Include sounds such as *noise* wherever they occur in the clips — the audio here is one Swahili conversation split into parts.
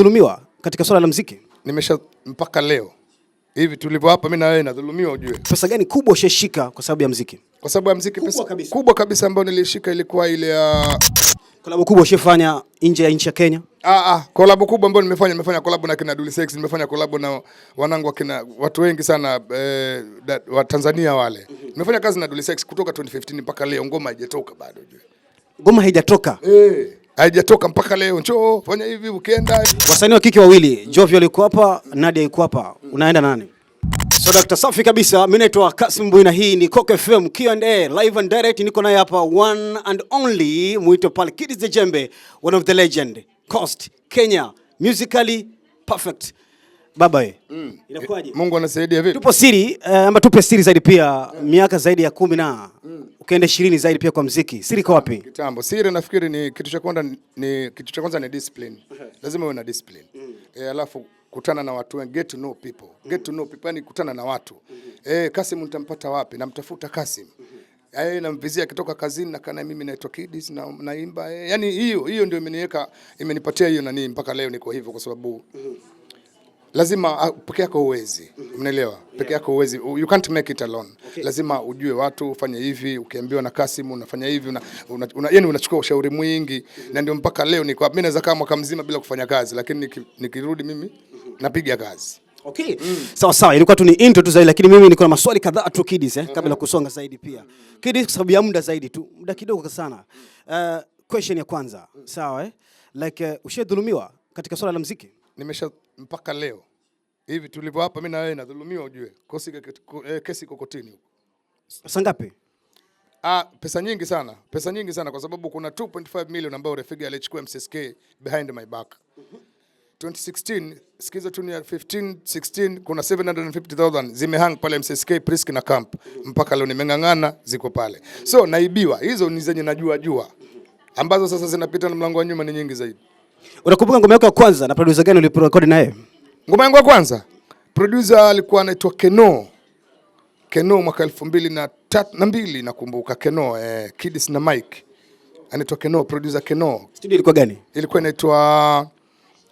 umeshadhulumiwa katika swala la mziki? Nimesha mpaka leo hivi tulivyo hapa mimi na wewe nadhulumiwa, ujue. Pesa gani kubwa ushashika kwa sababu ya mziki? Kwa sababu ya mziki kubwa kabisa, kubwa kabisa ambayo nilishika ilikuwa ile ya kolabu kubwa ushafanya nje ya nchi ya Kenya? Ah, ah, kolabu kubwa ambayo nimefanya, nimefanya kolabu na kina Dully Sex, nimefanya kolabu na wanangu wa kina watu wengi sana eh, da, wa Tanzania wale. mm -hmm. Nimefanya kazi na Dully Sex kutoka 2015 mpaka leo, ngoma haijatoka bado ujue. Ngoma haijatoka. Eh haijatoka mpaka leo, njoo fanya hivi ukienda. Wasanii wa kike wawili, Jovi alikuwa hapa, Nadia alikuwa hapa, unaenda nani? So Dr. safi kabisa. Mimi naitwa Kasim na hii ni Coco FM Q&A live and direct, niko naye hapa one and only muito pale Kidz the Jembe, one of the legend, cost Kenya, musically perfect Baba ye. Mm. Inakuwaje? Mungu anasaidia vipi? Tupo siri, uh, ama tupe siri zaidi pia mm. miaka zaidi ya kumi na mm. ukaenda ishirini zaidi pia kwa mziki. Siri iko wapi? Kitambo. Siri nafikiri ni kitu cha kwanza ni kitu cha kwanza ni discipline. Lazima uwe na discipline. Mm. Eh, alafu kutana na watu wengi, get to know people. Mm. Get to know people, yani kutana na watu. Mm Eh, Kasim nitampata wapi? Namtafuta Kasim. Mm -hmm. Yaani namvizia akitoka kazini na kana mimi naitwa Kids na naimba. Yaani hiyo hiyo ndio imeniweka imenipatia hiyo nani mpaka leo niko hivyo kwa sababu mm lazima ah, peke yako uwezi, mnaelewa? Peke yako uwezi, you can't make it alone. Okay. Lazima ujue watu, ufanye hivi, ukiambiwa na Kasim unafanya hivi, una, una, una, yani unachukua ushauri mwingi mm -hmm. na ndio mpaka leo niko mimi, naweza kama mwaka mzima bila kufanya kazi, lakini nikirudi mimi napiga kazi. Okay. Mm. Sawa sawa, ilikuwa tu ni intro tu zaidi, lakini mimi niko na maswali kadhaa tu kids eh, kabla kusonga zaidi pia. Kids kwa sababu ya muda zaidi tu, muda kidogo sana. Uh, question ya kwanza. Sawa eh? Like uh, ushadhulumiwa katika swala la muziki? Nimesha mpaka leo hivi tulivyo hapa, mimi na wewe nadhulumiwa, ujue eh, kesi iko kotini huko. Sasa ngapi? Ah, pesa nyingi sana, pesa nyingi sana kwa sababu kuna 2.5 million ambayo Refiga alichukua MCSK behind my back 2016, sikiza tu ni 15 16, kuna 750,000 zimehang pale MCSK Prisk na camp mpaka leo nimeng'ang'ana, ziko pale. So naibiwa, hizo ni zenye najua jua ambazo sasa zinapita na mlango wa nyuma ni nyingi zaidi. Unakumbuka ngoma yako ya kwanza na producer gani ulirekodi naye? Ngoma yangu ya kwanza producer alikuwa anaitwa Keno. Keno mwaka elfu mbili na tatu na mbili nakumbuka Keno eh, Kids na Mike. Anaitwa Keno, producer Keno. Studio ilikuwa gani? Ilikuwa inaitwa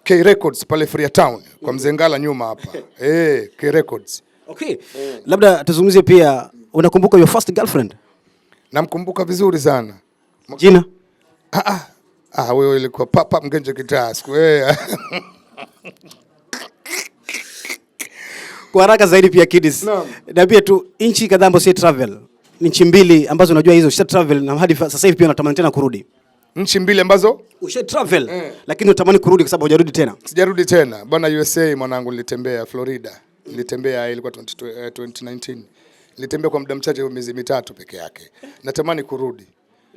K Records pale Free Town kwa Mzee Ngala nyuma hapa. *laughs* Eh, K Records. Okay. Mm. Labda tuzungumzie pia unakumbuka your first girlfriend? Namkumbuka vizuri sana. Jina? Ah ah. Ah, wewe ilikuwa papa mgenje kitaa eh. *laughs* wewe. Kwa haraka zaidi pia kids. No. Niambie tu inchi kadhaa ambazo si travel. Inchi mbili ambazo unajua hizo si travel na hadi sasa hivi pia unatamani tena kurudi. Inchi mbili ambazo usha travel eh, lakini unatamani kurudi kwa sababu hujarudi tena. Sijarudi tena. Bwana USA mwanangu nilitembea Florida. Nilitembea ah, ilikuwa 2019. Eh, nilitembea kwa muda mchache wa miezi mitatu peke yake. Natamani kurudi.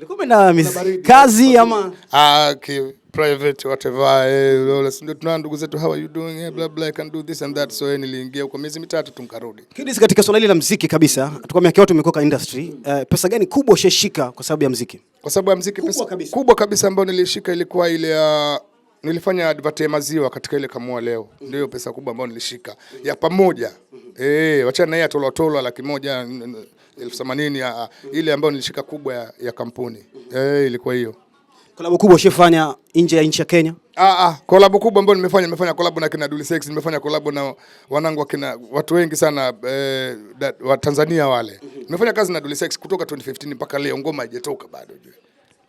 Ulikuwa na kazi ama ah okay. private whatever eh, lole ndio tuna ndugu zetu how are you doing eh, blah blah I can do this and that so eh, niliingia kwa miezi mitatu tumkarudi. Kidis, katika swala hili la muziki kabisa, tuko miaka yote umekoka industry uh, pesa gani kubwa ushashika kwa sababu ya muziki? Kwa sababu ya muziki pesa kabisa, kubwa kabisa ambayo nilishika ilikuwa ile ya uh, nilifanya advert ya maziwa katika ile kamua leo mm -hmm. Ndio pesa kubwa ambayo nilishika mm -hmm. ya pamoja mm -hmm. Eh, wachana naye atolwa tolwa laki moja elfu themanini ya ile ambayo nilishika kubwa ya, ya kampuni eh, ilikuwa hiyo. kolabu kubwa ushifanya nje ya nchi ya Kenya? Ah, ah, kolabu kubwa ambayo nimefanya nimefanya kolabu na kina Dully Sex, nimefanya kolabu na wanangu wa kina watu wengi sana eh, da, wa Tanzania wale. Nimefanya kazi na Dully Sex kutoka 2015 mpaka leo ngoma haijatoka bado.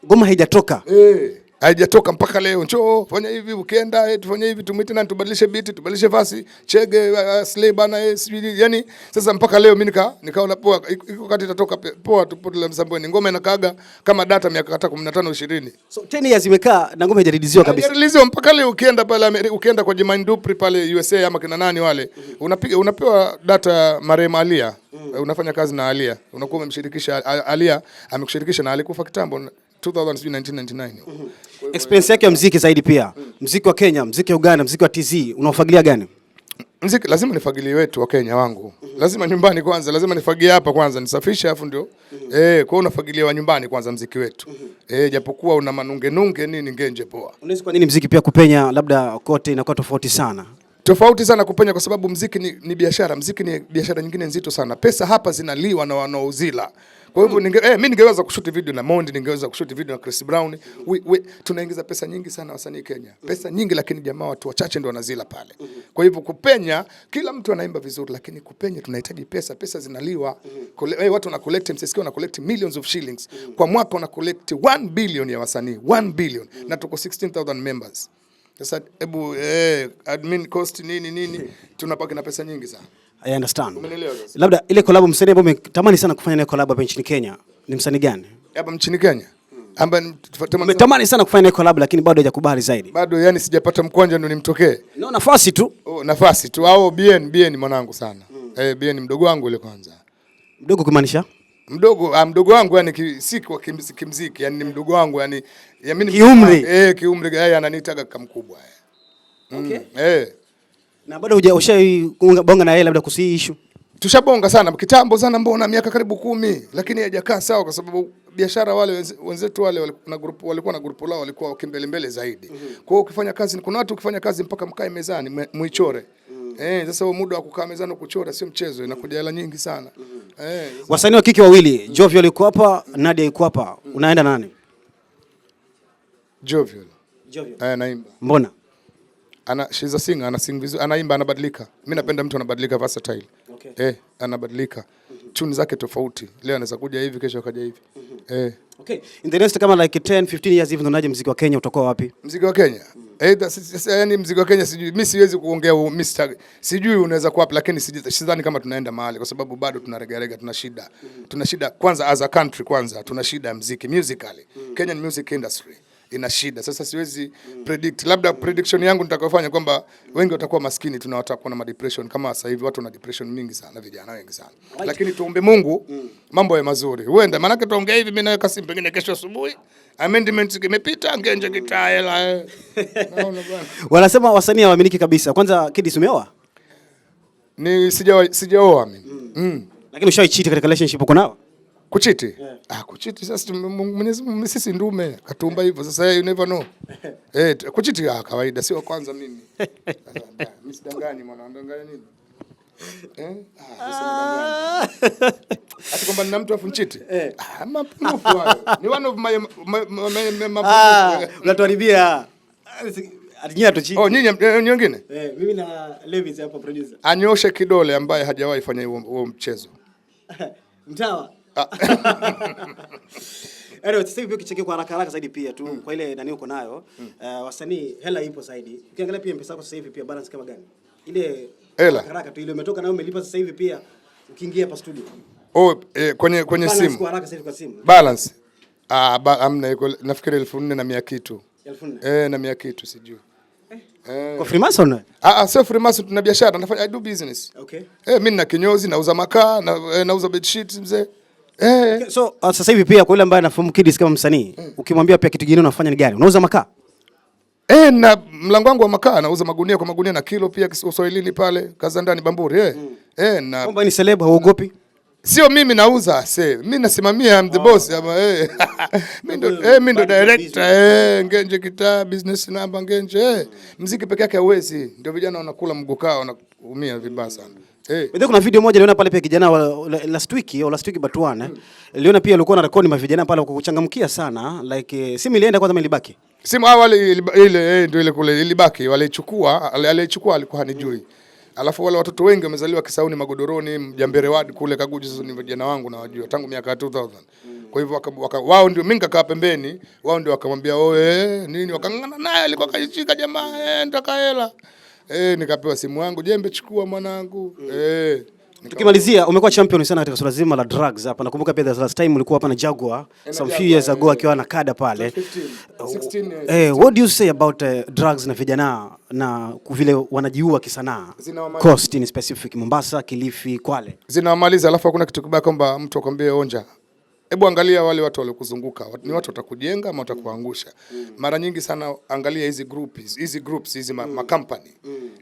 Ngoma haijatoka? Eh haijatoka mpaka leo, njoo fanya hivi, ukienda eh, tufanye hivi, tumwite na tubadilishe biti, tubadilishe vasi, chege uh, slay bana eh, yani sasa mpaka leo mimi nika nikaona poa, iko kati itatoka poa, tupotele msambweni. Ngoma inakaaga kama data miaka hata 15 20, so 10 years imekaa na ngoma haijaridhiwa kabisa, haijaridhiwa mpaka leo. Ukienda pale, ukienda kwa Jermaine Dupri pale USA ama kina nani wale, mm-hmm. unapiga unapewa data Marema Alia, Mm. unafanya kazi na Alia, unakuwa umemshirikisha Alia, amekushirikisha na alikufa kitambo 2099 mm-hmm. Experience yake ya mziki zaidi pia mm. wa Kenya, mziki wa Uganda, mziki wa TZ unaofagilia gani? Mziki lazima nifagilie wetu wa Kenya wangu Lazima nyumbani kwanza, lazima nifagie hapa kwanza nisafishe, afu ndio mm-hmm. Eh, kwa unafagilia wa nyumbani kwanza mziki wetu mm-hmm. Eh, japokuwa una manunge nunge nini ngenje poa. Unaweza kwa nini mziki pia kupenya labda kote inakuwa tofauti sana tofauti sana kupenya, kwa sababu mziki ni, ni biashara. Mziki ni biashara nyingine nzito sana. Pesa hapa zinaliwa na wanaozila. Kwa hivyo hmm. ninge, eh, mimi ningeweza kushoot video na Mondi, ningeweza kushoot video na Chris Brown. We, we, tunaingiza pesa nyingi sana wasanii Kenya. Hmm. Pesa nyingi lakini jamaa watu wachache ndio wanazila pale. Kwa hivyo kupenya, kila mtu anaimba vizuri lakini kupenya tunahitaji pesa, pesa zinaliwa. Hmm. Kole, eh, watu wana collect MCSK wana collect millions of shillings. Kwa mwaka wana collect 1 billion ya wasanii, 1 billion na tuko 16000 members. Sasa hebu eh, admin cost nini nini tunapaki na pesa nyingi sana. I understand. Labda ile collab msanii ambaye umetamani sana kufanya naye collab hapa nchini Kenya ni msanii gani? Eh, hapa nchini Kenya? Ambaye umetamani sana kufanya naye collab lakini bado hajakubali zaidi. Bado yani sijapata mkwanja ndio nimtokee. No, nafasi tu. Oh, nafasi tu. Au BN BN mwanangu sana. Mm. Eh, BN mdogo wangu ile kwanza. Mdogo kumaanisha? Mdogo ah, mdogo wangu yani si kwa kimziki, yani ni mdogo wangu yani ya mimi ah, eh, kiumri. Eh, kiumri yeye ananiita kaka mkubwa. Eh. Mm, okay. Eh. Na bado hujabonga na yeye labda kusii issue. Tushabonga sana kitambo sana, mbona miaka karibu kumi, lakini haijakaa sawa, kwa sababu biashara wale wenzetu wale na group walikuwa na group lao, walikuwa kimbele mbele zaidi. mm -hmm. Kwa hiyo ukifanya kazi, kuna watu ukifanya kazi mpaka mkae mezani muichore. mm -hmm. Eh, sasa huo muda wa kukaa mezani kuchora sio mchezo, inakuja hela nyingi sana. mm -hmm. Eh, wasanii wa kike wawili, Jovio alikuwa hapa, Nadia alikuwa hapa. mm -hmm. Unaenda nani? Jovio. Jovio. Eh, naimba. Mbona? ana she's a singer, ana sing vizuri, anaimba, anabadilika. Mimi napenda mtu anabadilika, versatile. Okay. Eh, anabadilika. Mm -hmm. Tune zake tofauti. Leo anaweza kuja hivi, kesho akaja hivi. Mm -hmm. Eh. Okay. In the next kama like 10, 15 years hivi unaonaje muziki wa Kenya utakuwa wapi? Muziki wa Kenya? Mm-hmm. either Mm -hmm. Eh, sasa yani muziki wa Kenya sijui. Mimi siwezi kuongea Mr. Sijui unaweza kuwa wapi lakini sidhani kama tunaenda mahali kwa sababu bado tunaregarega, tuna shida. Mm -hmm. Tuna shida kwanza as a country kwanza, tuna shida ya muziki, musically. Mm -hmm. Kenyan music industry ina shida. Sasa siwezi mm. predict, labda mm. prediction yangu nitakayofanya kwamba wengi watakuwa maskini, tuna watakuwa na depression kama sasa hivi, watu na depression mingi sana, vijana wengi sana right. Lakini tuombe Mungu mm. mambo ya mazuri, huenda maana maanake tuongea hivi, mimi naweka kasi pengine kesho asubuhi amendment kimepita ngenje kitaela. Eh. Wanasema wasanii hawaaminiki kabisa. Kwanza Kidis, umeoa? Ni sijaoa, sijaoa mimi mm. mm. Lakini ushawahi cheat katika relationship uko nao? Kuchiti? Yeah. Ah, kuchiti sasa Mwenyezi Mungu sisi ndume katumba hivyo sasa you never know. *laughs* Eh, kuchiti ah, kawaida sio kwanza mimi. Mimi sidanganyi mwana ndanganya nini? Eh? Ah, ah, Ati kwamba nina mtu afu nchiti? Eh. Ah, mapungufu hayo. Ni one of my mapungufu. Ah, unatuharibia. Ah, oh, eh, nyinyi wengine? Eh, mimi na Levis hapa producer. Anyoshe kidole ambaye hajawahi fanya huo mchezo. *laughs* Mtawa. Ah. *laughs* Anyway, sasa hivi ukicheki kwa haraka haraka zaidi pia tu mm. kwa ile nani uko nayo mm. uh, wasanii hela ipo zaidi. Ukiangalia pia mpesa yako sasa hivi pia balance kama gani? Ile hela haraka tu ile umetoka nayo umelipa sasa hivi pia ukiingia hapa studio. Oh, eh, kwenye kwenye balance simu. Kwa haraka sasa hivi kwa simu. Balance. Ah, ba, amna iko nafikiri elfu nne na mia kitu. Elfu nne. Eh, na mia kitu sijui. Eh. eh. Kwa Freemason? Ah, ah, sio Freemason, tuna biashara, nafanya I do business. Okay. Eh, mimi nina kinyozi, nauza makaa, na, eh, nauza bedsheets mzee. Eh. So ah, sasa hivi pia kwa yule ambaye anafahamu Kidis kama msanii, mm. ukimwambia pia kitu kingine unafanya ni gari? Unauza makaa? Eh, na mlango wangu wa makaa nauza magunia kwa magunia na kilo pia Kiswahilini pale kaza ndani Bamburi eh. Mm. Eh, na kwamba ni celeb huogopi? Sio mimi nauza, se mimi nasimamia, I'm the oh, boss ama eh. *laughs* Mimi ndo eh, mimi ndo director eh, ngenje kita business namba ngenje eh. Mziki peke yake hauwezi, ndio vijana wanakula mgukao na kuumia vibaya sana. Eh. Hey. Kuna video moja niliona pale pia kijana wa last week au last week but one. Niliona pia alikuwa na rekodi mavijana pale kwa kuchangamkia sana like eh, simu ilienda kwanza ilibaki. Simu awali ah, ile eh, ndio ile kule ilibaki walichukua alichukua alikuwa hanijui. Alafu wale watoto wengi wamezaliwa Kisauni Magodoroni, Ward kule Kaguji sasa ni vijana wangu na wajua tangu miaka 2000. Kwa hivyo wao ndio mimi nikakaa pembeni, wao ndio wakamwambia wewe nini wakangana naye alikuwa kajishika jamaa eh, ndaka hela eh, nikapewa simu yangu, jembe chukua mwanangu mm. eh Tukimalizia, umekuwa champion sana katika swala zima la drugs hapa. Nakumbuka pia the last time ulikuwa hapa na Jaguar some few years ago akiwa na kada pale 16 eh, what do you say about uh, drugs na vijana na vile wanajiua kisanaa coast in specific Mombasa, Kilifi, Kwale zinawamaliza, alafu hakuna kitu kibaya kwamba mtu akwambie onja Hebu angalia wale watu waliokuzunguka, ni watu watakujenga ama watakuangusha? Mara nyingi sana angalia hizi groups, hizi groups hizi ma, makampani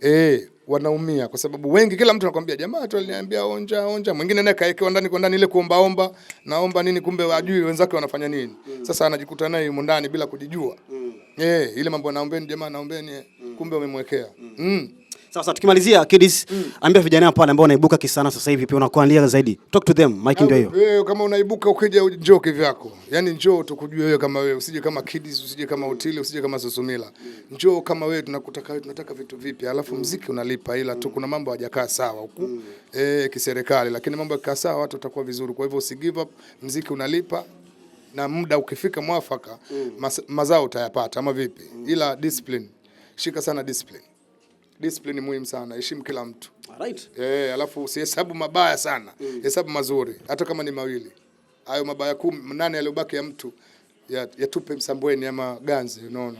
eh, wanaumia kwa sababu wengi, kila mtu anakuambia jamaa tu aliniambia onja onja, mwingine naye kaekewa ndani kwa ndani ile kuomba omba naomba nini, kumbe wajui wenzake wanafanya nini. Sasa anajikuta naye yumo ndani bila kujijua. Mm. eh, ile mambo naombeni jamaa naombeni, kumbe umemwekea mm. Sasa tukimalizia kids, mm. ambia vijana hapa ambao wanaibuka kisana sasa hivi pia unakuandia zaidi. Talk to them, Mike ndio hiyo. Wewe eh, kama unaibuka ukija njoo kivyako. Yaani njoo tukujue wewe kama wewe, usije kama kids, usije kama hoteli, usije kama Susumila. Njoo kama wewe tunakutaka wewe tunataka vitu vipi? Alafu mm. mziki unalipa ila tu mm. kuna mambo hajakaa sawa huku. Mm. Eh, kiserikali lakini mambo yakikaa sawa watu watakuwa vizuri. Kwa hivyo usi give up, mziki unalipa na muda ukifika mwafaka mm. mazao utayapata ama vipi? Mm. Ila discipline. Shika sana discipline discipline muhimu sana, heshimu kila mtu right. Eh, alafu usihesabu mabaya sana mm. Hesabu mazuri hata kama ni mawili, hayo mabaya kumi nane yaliyobaki ya mtu yatupe ya msambweni ama ganzi, unaona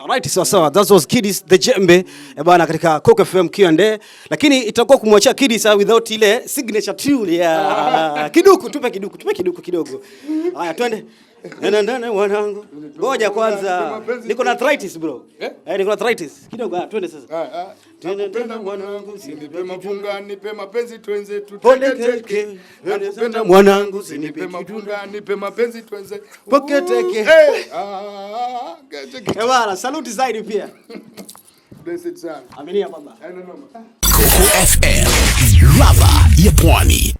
Alright, sawa sawa. That was Kidis the Jembe eh, bwana katika Coke FM Q&A. Lakini itakuwa kumwachia Kidis ah, without ile signature tune ya *laughs* kiduku, tupe kiduku, tupe kiduku kidogo. Haya, twende. Nenda nenda wanangu. Ngoja kwanza. Niko na arthritis bro. Eh? eh, niko na arthritis. Kidogo ah, twende sasa. Ah, ah. Tunapenda mwanangu, sinipe mapunga, nipe mapenzi twenze tutende teke. Tunapenda mwanangu, sinipe mapunga, nipe mapenzi twenze poke teke. Ah, eh bwana, saluti zaidi pia. *laughs* Blessed sana. Aminia baba. Coco FM. Ladha ya Pwani.